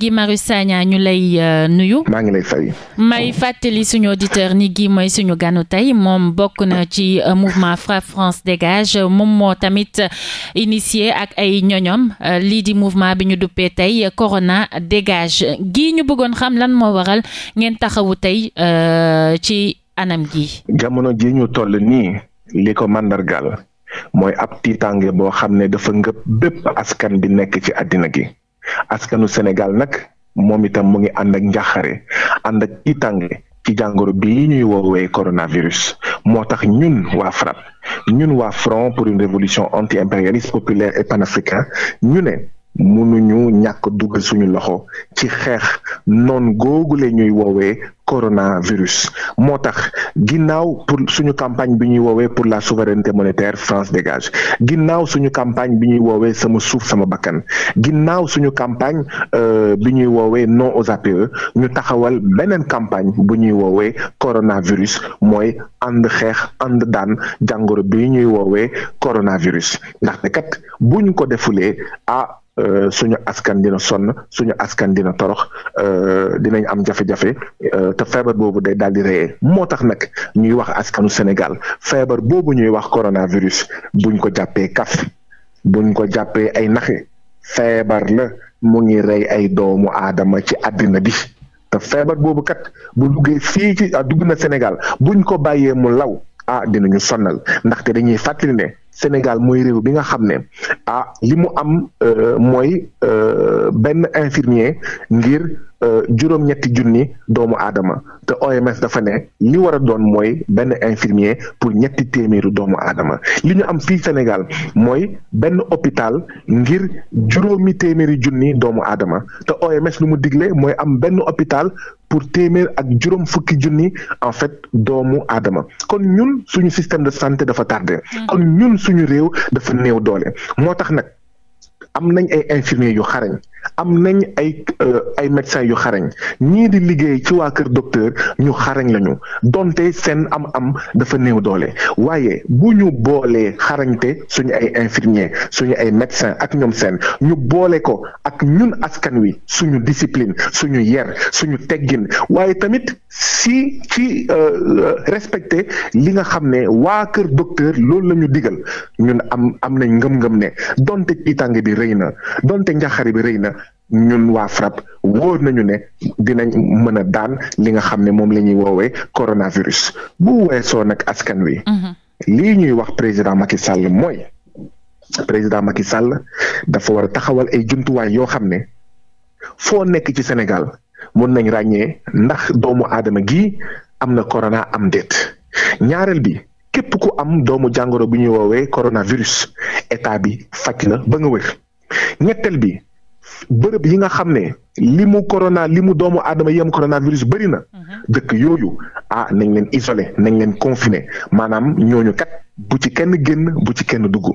Guy Marius Sagna ñu lay euh, nuyu. maa ngi lay fay. may fàttali suñu auditeur ni Guy mooy suñu ganu tey moom bokk na ci euh, mouvement FRAPP France dégage moom moo tamit euh, initié ak ay ñoñom lii di mouvement bi ñu duppee tey Corona dégage Guy ñu bëggoon xam lan moo waral ngeen taxawu tey ci anam gi. jamono ji ñu toll nii li ko màndargaal mooy ab tiitaange boo xam ne dafa ngëb bépp askan bi nekk ci àddina gi. askanu Sénégal nag moom itam mu ngi ànd ak njaaxare ànd ak itange ci jàngoro bii ñuy woowee coronavirus moo tax ñun waa FRAPP ñun waa Front pour une révolution anti-impérialiste populaire et panafricain ñu ne ñu ñàkk dugal suñu loxo ci xeex noon googu googule ñuy woowee coronavirus moo tax ginnaaw pour suñu campagne bi ñuy woowee pour la souveraineté monétaire France dégage ginnaaw suñu campagne bi ñuy woowee sama suuf sama bakkan ginnaaw suñu campagne euh, bi ñuy woowee non aux APE ñu taxawal beneen campagne bu ñuy woowee coronavirus mooy ànd xeex ànd daan jàngoro bi ñuy woowee coronavirus ndaxte kat buñ ko defulee ah Euh, suñu askan dina sonn suñu askan dina torox euh, dinañ am jafe-jafe euh, te feebar boobu day daal reyee moo tax nag ñuy wax askanu Sénégal feebar boobu ñuy wax coronavirus buñ ko jàppee kaf buñ ko jàppee ay naxe feebar la mu ngi rey ay doomu aadama ci àddina bi te feebar boobu kat bu duggee fii ci ah, dugg na Sénégal buñ ko bàyyee mu law ah dinañu sonnal ndaxte dañuy fàttali Sénégal mooy réew bi nga xam ne ah li mu am euh, mooy euh, benn infirmier ngir euh, juróom-ñetti junni doomu aadama te OMS dafa ne li war a doon mooy benn infirmier pour ñetti téeméeru doomu aadama li ñu am fii Sénégal mooy benn hôpital ngir juróomi téeméeri junni doomu aadama te OMS lu mu digle mooy am benn hôpital pour téeméer ak juróom fukki junni en fait doomu aadama kon ñun suñu système de santé dafa tardé. Mm. kon ñun suñu réew dafa néew doole moo tax nag am nañ ay infirmiers yu xarañ. am nañ ay euh, ay médecins yu xarañ ñii di liggéey ci waa kër docteur ñu xarañ lañu donte seen am-am dafa néew doole waaye bu ñu boolee xarañte suñu ay infirmier suñu ay médecins ak ñoom seen ñu boole ko ak ñun askan wi suñu discipline suñu yer suñu teggin waaye tamit si ci euh, respecté li nga xam ne waa kër docteur loolu la ñu ñun am am nañ ngëm-ngëm ne donte itàng bi rëy na donte njax njaxare bi rëy na ñun waa FRAPP wóor nañu ne dinañ mën a daan li nga xam ne moom la ñuy woowee coronavirus bu soo nag askan wi. Mhm. lii ñuy wax président Macky Sall mooy président Macky Sall dafa war a taxawal ay jumtuwaay yoo xam ne foo nekk ci Sénégal mun nañ ràññee ndax doomu aadama gi am na corona am déet ñaareel bi képp ku am doomu jàngoro bi ñuy woowee coronavirus état bi faj la ba nga wér ñetteel bi. bërëb yi nga xam ne li mu corona li mu doomu aadama yem coronavirus bëri na mhm. dëkk yooyu a ah, nañ leen isolé nañ leen confiné maanaam ñooñu kat bu ci kenn génn bu ci kenn dugg.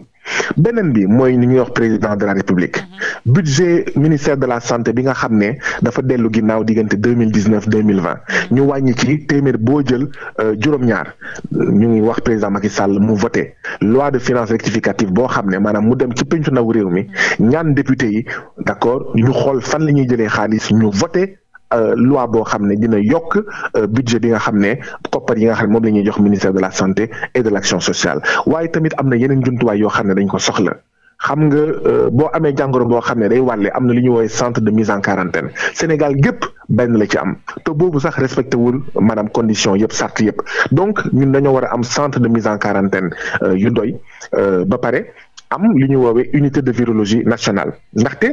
beneen bi mooy ni ñuy wax président de la république mm-hmm. budget ministère de la santé bi nga xam ne dafa dellu ginnaaw diggante deux mille dix neuf deux mille vingt mm-hmm. ñu wàññi ci téeméer boo jël euh, juróom-ñaar ñu ngi wax président Macky Sall mu voté loi de finances rectificative boo xam ne maanaam mu dem ci pencu réew mi mm-hmm. ñaan député yi d'accord ñu xool fan la ñuy jëlee xaalis ñu voté. Euh, loi boo xam ne dina yokk euh, budget bi nga xam ne koppar yi nga xam ne moom la ñuy jox ministère de la santé et de l' action sociale waaye tamit am na yeneen jumtuwaay yoo xam ne dañ ko soxla. xam nga euh, boo amee jàngoro boo xam ne day wàlle am na lu ñu woowee centre de mise en quarantaine Sénégal gépp benn la ci am te boobu sax respecté wul maanaam condition yëpp sart yëpp donc ñun dañoo war a am centre de mise en quarantaine yu doy ba pare am lu ñu woowee unité de virologie nationale ndaxte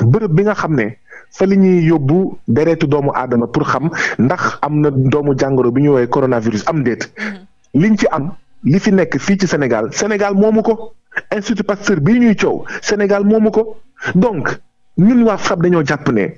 bërëb bi nga xam ne fa li ñuy yóbbu deretu doomu aadama pour xam ndax am na doomu jàngoro bi ñuy woowee coronavirus am déet mhm. liñ ci am li fi nekk fii ci Sénégal Sénégal moomu ko Institut Pasteur bi ñuy coow Sénégal moomu ko donc ñun waa FRAPP dañoo jàpp ne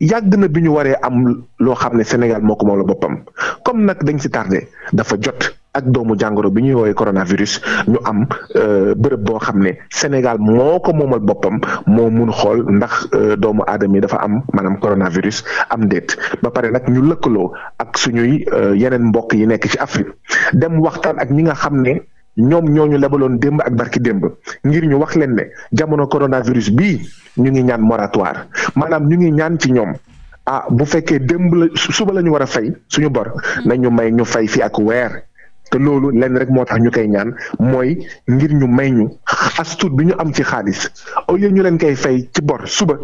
yàgg na bi ñu waree am loo xam ne Sénégal moo ko moom la boppam comme nag dañ si tardé dafa jot. ak doomu jàngoro bi ñuy woowee coronavirus ñu am euh, bërëb boo xam ne Sénégal moo ko moomal boppam moo mun xool ndax euh, doomu aadama yi dafa am maanaam coronavirus am déet ba pare nag ñu lëkkaloo ak suñuy euh, yeneen mbokk yi nekk ci Afrique dem waxtaan ak ñi nga xam ne ñoom ñoo ñu lebaloon démb ak barki démb ngir ñu wax leen ne jamono coronavirus bii ñu ngi ñaan moratoire maanaam ñu ngi ñaan ci ñoom. ah bu fekkee démb la suba la ñu war a fay suñu bor mm-hmm. nañu may ñu fay fi ak weer te loolu lenn rek moo tax ñu koy ñaan mooy ngir ñu may ñu astuut bi ñu am ci xaalis au lieu ñu leen koy fay ci bor suba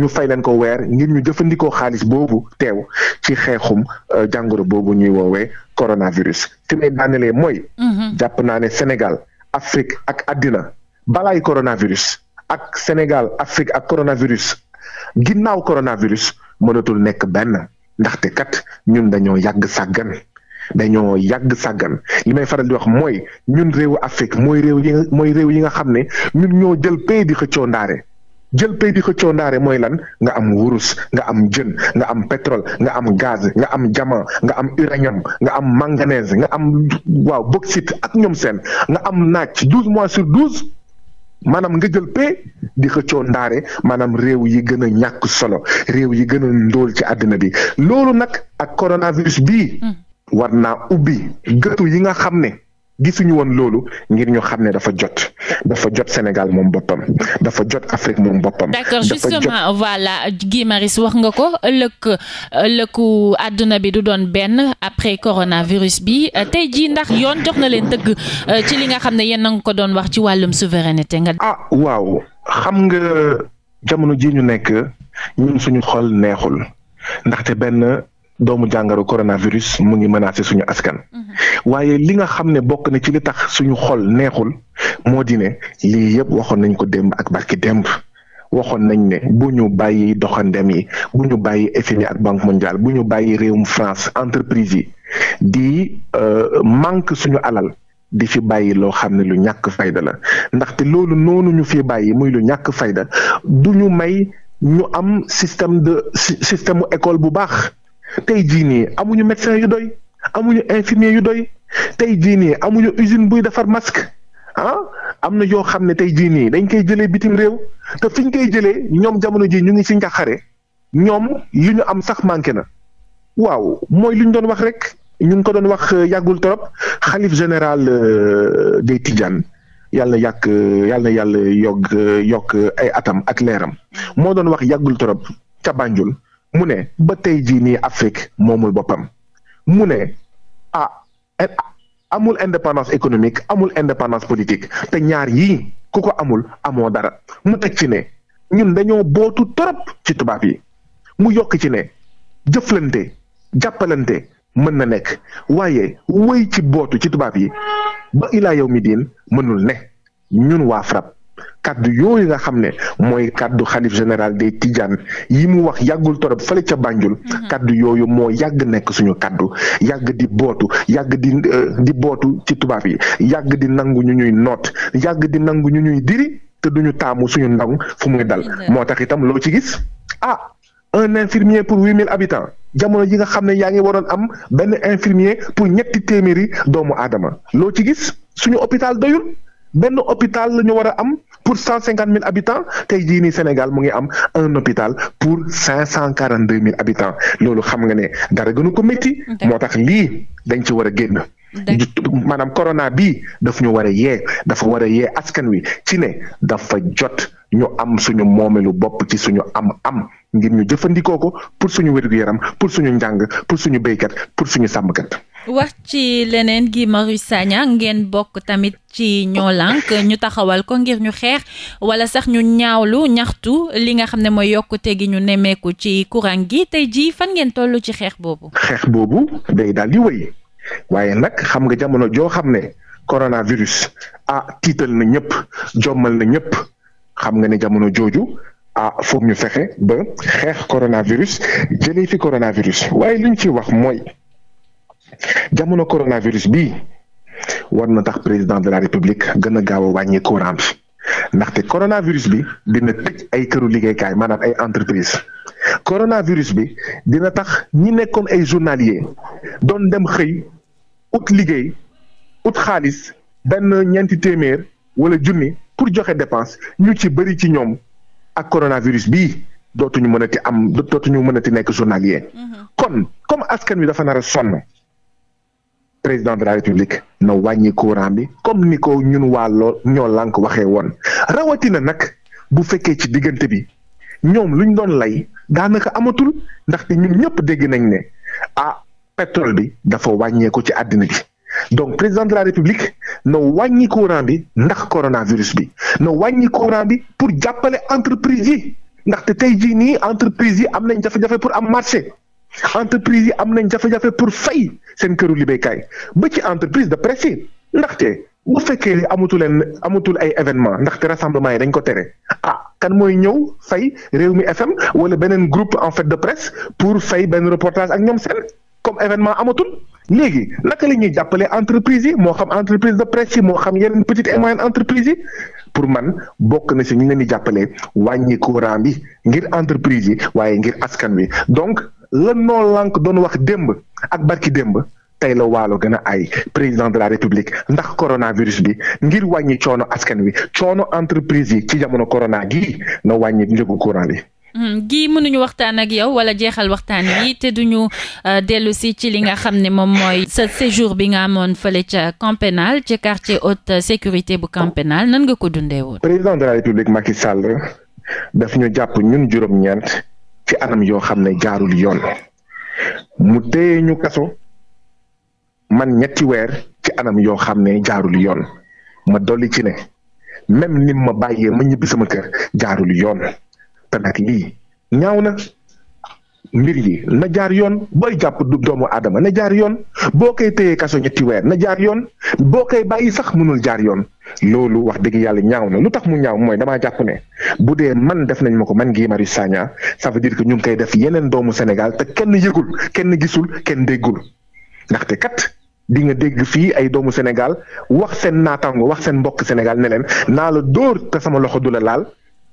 ñu fay leen ko weer ngir ñu jëfandikoo xaalis boobu teew ci xeexum euh, jàngoro boobu ñuy woowee coronavirus fi may daanelee mooy. Mhm. jàpp naa ne Sénégal Afrique ak àddina balaay coronavirus ak Sénégal Afrique ak coronavirus ginnaaw coronavirus mënatul nekk benn ndaxte kat ñu dañoo yàgg sàggan. dañoo yàgg sàggan li may faral di wax mooy ñun réewu Afrique mooy réew yi nga mooy réew yi nga xam ne ñun ñoo jël pay di xëccoo ndaare jël pay di xëccoo ndaare mooy lan nga am wurus nga am jën nga am pétrole nga am gaz nga am diamant nga am uranium nga am manganèse nga am waaw bauxite ak ñoom seen nga am naaj douze mois sur douze maanaam nga jël pay di xëccoo ndaare maanaam réew yi gën a ñàkk solo réew yi gën a ndóol ci àddina bi loolu nag ak coronavirus bii. Hmm. war naa ubbi gëtu yi nga xam ne gisuñu woon loolu ngir ñu xam ne dafa jot dafa jot Sénégal moom boppam dafa jot Afrique moom boppam. d'accord justement voilà Guy Marius wax nga ko ëllëg ëllëgu àdduna bi du doon benn après coronavirus bi tey jii ndax yoon jox na leen dëgg ci li nga xam ne yéen a ngi ko doon wax ci wàllum souveraineté nga. ah waaw xam nga jamono ji ñu nekk ñun suñu xol neexul ndaxte benn. doomu jàngoro coronavirus mu ngi menacé suñu askan. Mm-hmm. waaye li nga xam ne bokk na ci li tax suñu xol neexul moo di ne lii yëpp waxoon nañ ko démb ak barki demb waxoon nañ ne bu ñu bàyyi doxandem yi bu ñu bàyyi FMI ak banque mondiale bu ñu bàyyi réewum France entreprise yi di euh, manque suñu alal di fi bàyyi loo xam ne lu ñàkk fayda la ndaxte loolu noonu ñu fi bàyyi muy lu ñàkk fayda du ñu may ñu am système de système école bu baax. tey jii nii amuñu médecin yu doy amuñu infirmier yu doy tey jii nii amuñu usine buy defar masque ah am na yoo xam ne tey jii nii dañ koy jëlee bitim réew te fiñ koy jëlee ñoom jamono ji ñu ngi ci njaxare ñoom li ñu am sax manqué na waaw mooy li ñu doon wax rek ñu ngi ko doon wax euh, yàggul trop xalif général euh, des Tidjane yàlla yàq euh, yàlla yàlla yokk yokk ay atam ak leeram moo doon wax yàggul trop ca Banjul mu ne ba tey jii nii Afrique moomul boppam mu ne ah amul indépendance économique amul indépendance politique te ñaar yii ku ko amul amoo dara mu teg ci ne ñun dañoo bootu torop ci tubaab yi mu yokk ci ne jëflante jàppalante mën na nekk waaye wëy ci bootu ci tubaab yi ba ilaa yow mi diin mënul ne ñun waa FRAPP kaddu yooyu nga xam ne mooy kàddu xalif général des Tidjane yi mu wax yàggul torop fële ca bànjul mm-hmm. kàddu yooyu moo yàgg nekk suñu kàddu yàgg di bootu yàgg di euh, di bootu ci tubaab yi yàgg di nangu ñu ñuy noot yàgg di nangu ñu ñuy diri te duñu taamu suñu ndaw fu muy dal. moo tax itam loo ci gis ah un infirmier pour huit mille jamono yi nga xam ne yaa ngi waroon am benn infirmier pour ñetti téeméeri doomu aadama loo ci gis suñu hôpital doyul. benn hôpital la ñu war a am pour cent cinquante mille habitants tey jii nii Sénégal mu ngi am un hôpital pour cinq cent quarante deux mille habitants loolu xam nga ne dara gënu ko métti. moo tax lii dañ ci war a génn. maanaam corona bi daf ñu war a yee dafa war a yee askan wi ci ne dafa jot ñu am suñu moomeelu bopp ci suñu am-am ngir ñu jëfandikoo ko pour suñu wér-gu-yaram pour suñu njàng pour suñu béykat pour suñu sàmmkat. wax ci leneen Guy Marius Sagna ngeen bokk tamit ci ñoo lànk ñu taxawal ko ngir ñu xeex wala sax ñu ñaawlu ñaxtu li nga xam ne mooy yokkute gi ñu nemmeeku ci courant gi tey jii fan ngeen toll ci xeex boobu. xeex boobu day daal di wéy waaye nag xam nga jamono joo xam ne coronavirus ah tiital na ñëpp jommal na ñëpp xam nga ne jamono jooju. ah foog ñu fexe ba xeex coronavirus jëlee fi coronavirus waaye li ñu ci wax mooy jamono coronavirus bi war na tax président de la république gën gaaw a wàññi courant ndaxte coronavirus bi dina tëj ay këru liggéeykaay maanaam ay entreprise coronavirus bi dina tax ñi nekkoon ay journalier doon dem xëy ut liggéey ut xaalis benn ñeenti téeméer wala junni pour joxe dépense ñu ci bëri ci ñoom ak coronavirus bi dootuñu mënati am dootuñu mënati nekk journalier. Mhm. kon comme askan wi dafa nar a sonn. président de la république na wàññi courant bi comme ni ko ñun waa loo ñoo lànk waxee woon rawatina nag bu fekkee ci diggante bi ñoom luñ doon lay daanaka amatul ndaxte ñun ñëpp dégg nañ ne ah pétrole bi dafa wàññeeku ci àddina bi donc président de la république na wàññi courant bi ndax coronavirus bi na wàññi courant bi pour jàppale entreprise yi ndaxte tey jii nii entreprise yi am nañ jafe-jafe pour am marché entreprise yi am nañ jafe-jafe pour fay seen këru liggéeykaay ba ci entreprise de presse yi ndaxte bu fekkee amatu leen amatul ay événement ndaxte rassemblement yi dañ ko tere ah kan mooy ñëw fay réew mi FM wala beneen groupe en fait de presse pour fay benn reportage ak ñoom seen comme événement amatul léegi naka la ñuy jàppale entreprise yi moo xam entreprise de presse yi moo xam yeneen petite et moyenne entreprise yi pour man bokk na si ñu leen di jàppale wàññi courant bi ngir entreprise yi waaye ngir askan wi lan noo lànk doon wax démb ak barki démb tey la waalo gën a ay président de la république ndax coronavirus bi ngir wàññi coono askan wi coono entreprise yi ci jamono corona gii na wàññi njëgu courant bi. Hmm, gii mënuñu waxtaan ak yow wala jeexal waxtaan yi te duñu euh, dellu si ci li nga xam ne moom mooy sa séjour bi nga amoon fële ca camp pénal ci quartier haute sécurité bu camp pénal nan nga ko dundee woon. président de la république Macky Sall daf ñu jàpp ñun ci anam yoo xam ne jaarul yoon mu téye ñu kaso man ñetti weer ci anam yoo xam ne jaarul yoon ma dolli ci ne même nim ma bàyyee ma ñibbi sama kër jaarul yoon te nag lii ñaaw na. mbir yi na jaar yoon booy jàpp doomu aadama na jaar yoon boo koy téyee kaso ñetti weer na jaar yoon boo koy bàyyi sax mënul jaar yoon loolu wax dëgg yàlla ñaaw na lu tax mu ñaaw mooy damaa jàpp ne bu dee man def nañ ma ko man Guy Marius Sagna ça veut dire que ñu ngi koy def yeneen doomu Sénégal te kenn yëgul kenn gisul kenn déggul ndaxte kat di nga dégg fii ay doomu Sénégal wax seen naataango wax seen mbokk Sénégal ne leen naa la door te sama loxo du la laal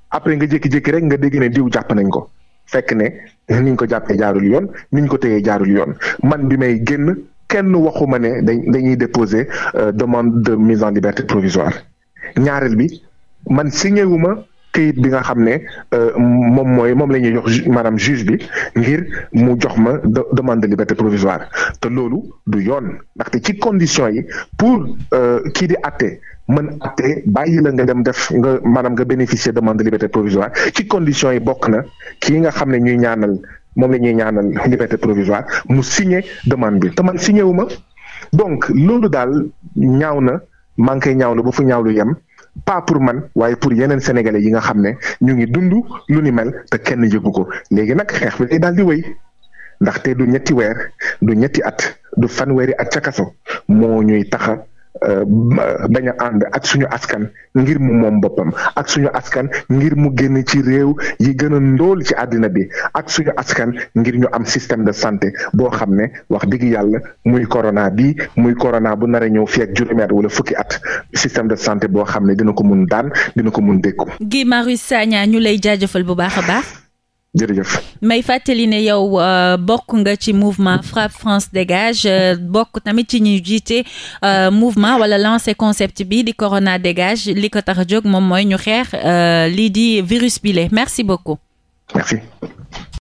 après nga jékki rek nga dégg ne diw jàpp ko. fekk ne ni ñu ko jàppee jaarul yoon ni ñu ko téyee jaarul yoon man bi may génn kenn waxuma ne dañ dañuy déposer euh, demande de mise en liberté provisoire ñaareel bi man signé wu këyit bi nga xam ne euh, moom mooy moom la ñuy jox maanaam juge bi ngir mu jox ma demande de liberté provisoire te loolu du yoon ndaxte ci condition yi pour euh, kii di atte mën atte bàyyi la nga dem def nga maanaam nga bénéficier demande de liberté provisoire ci condition yi bokk na kii nga xam ne ñuy ñaanal moom la ñuy ñaanal liberté provisoire mu signé demande bi te man signé ma donc loolu daal ñaaw na maa ngi koy ñaawlu ba fu ñaawlu yem pas pour man waaye pour yeneen sénégalais yi nga xam ne ñu ngi dund lu ni mel te kenn yëgu ko léegi nag xeex bi day daal di woy ndaxte du ñetti weer du ñetti at du fanweeri at ca kaso moo ñuy taxa bañ a ànd ak suñu askan ngir mu moom boppam ak suñu askan ngir mu génn ci réew yi gën a ndóol ci àddina bi ak suñu askan ngir ñu am système de santé boo xam ne wax dëgg yàlla muy corona bi muy corona bu nar ñëw fii ak juróomi at wala fukki at système de santé boo xam ne dina ko mun daan dina ko mun dékku. Guy Marius ñu lay jaajëfal bu baax a baax. jërëjëf may fàttali ne yow euh, bokk nga ci mouvement frappe France dégage euh, bokk tamit ci ñuy jiite euh, mouvement wala lancé concept bi di corona dégage li ko tax a jóg moom mooy ñu xeex lii di virus bi le merci beaucoup merci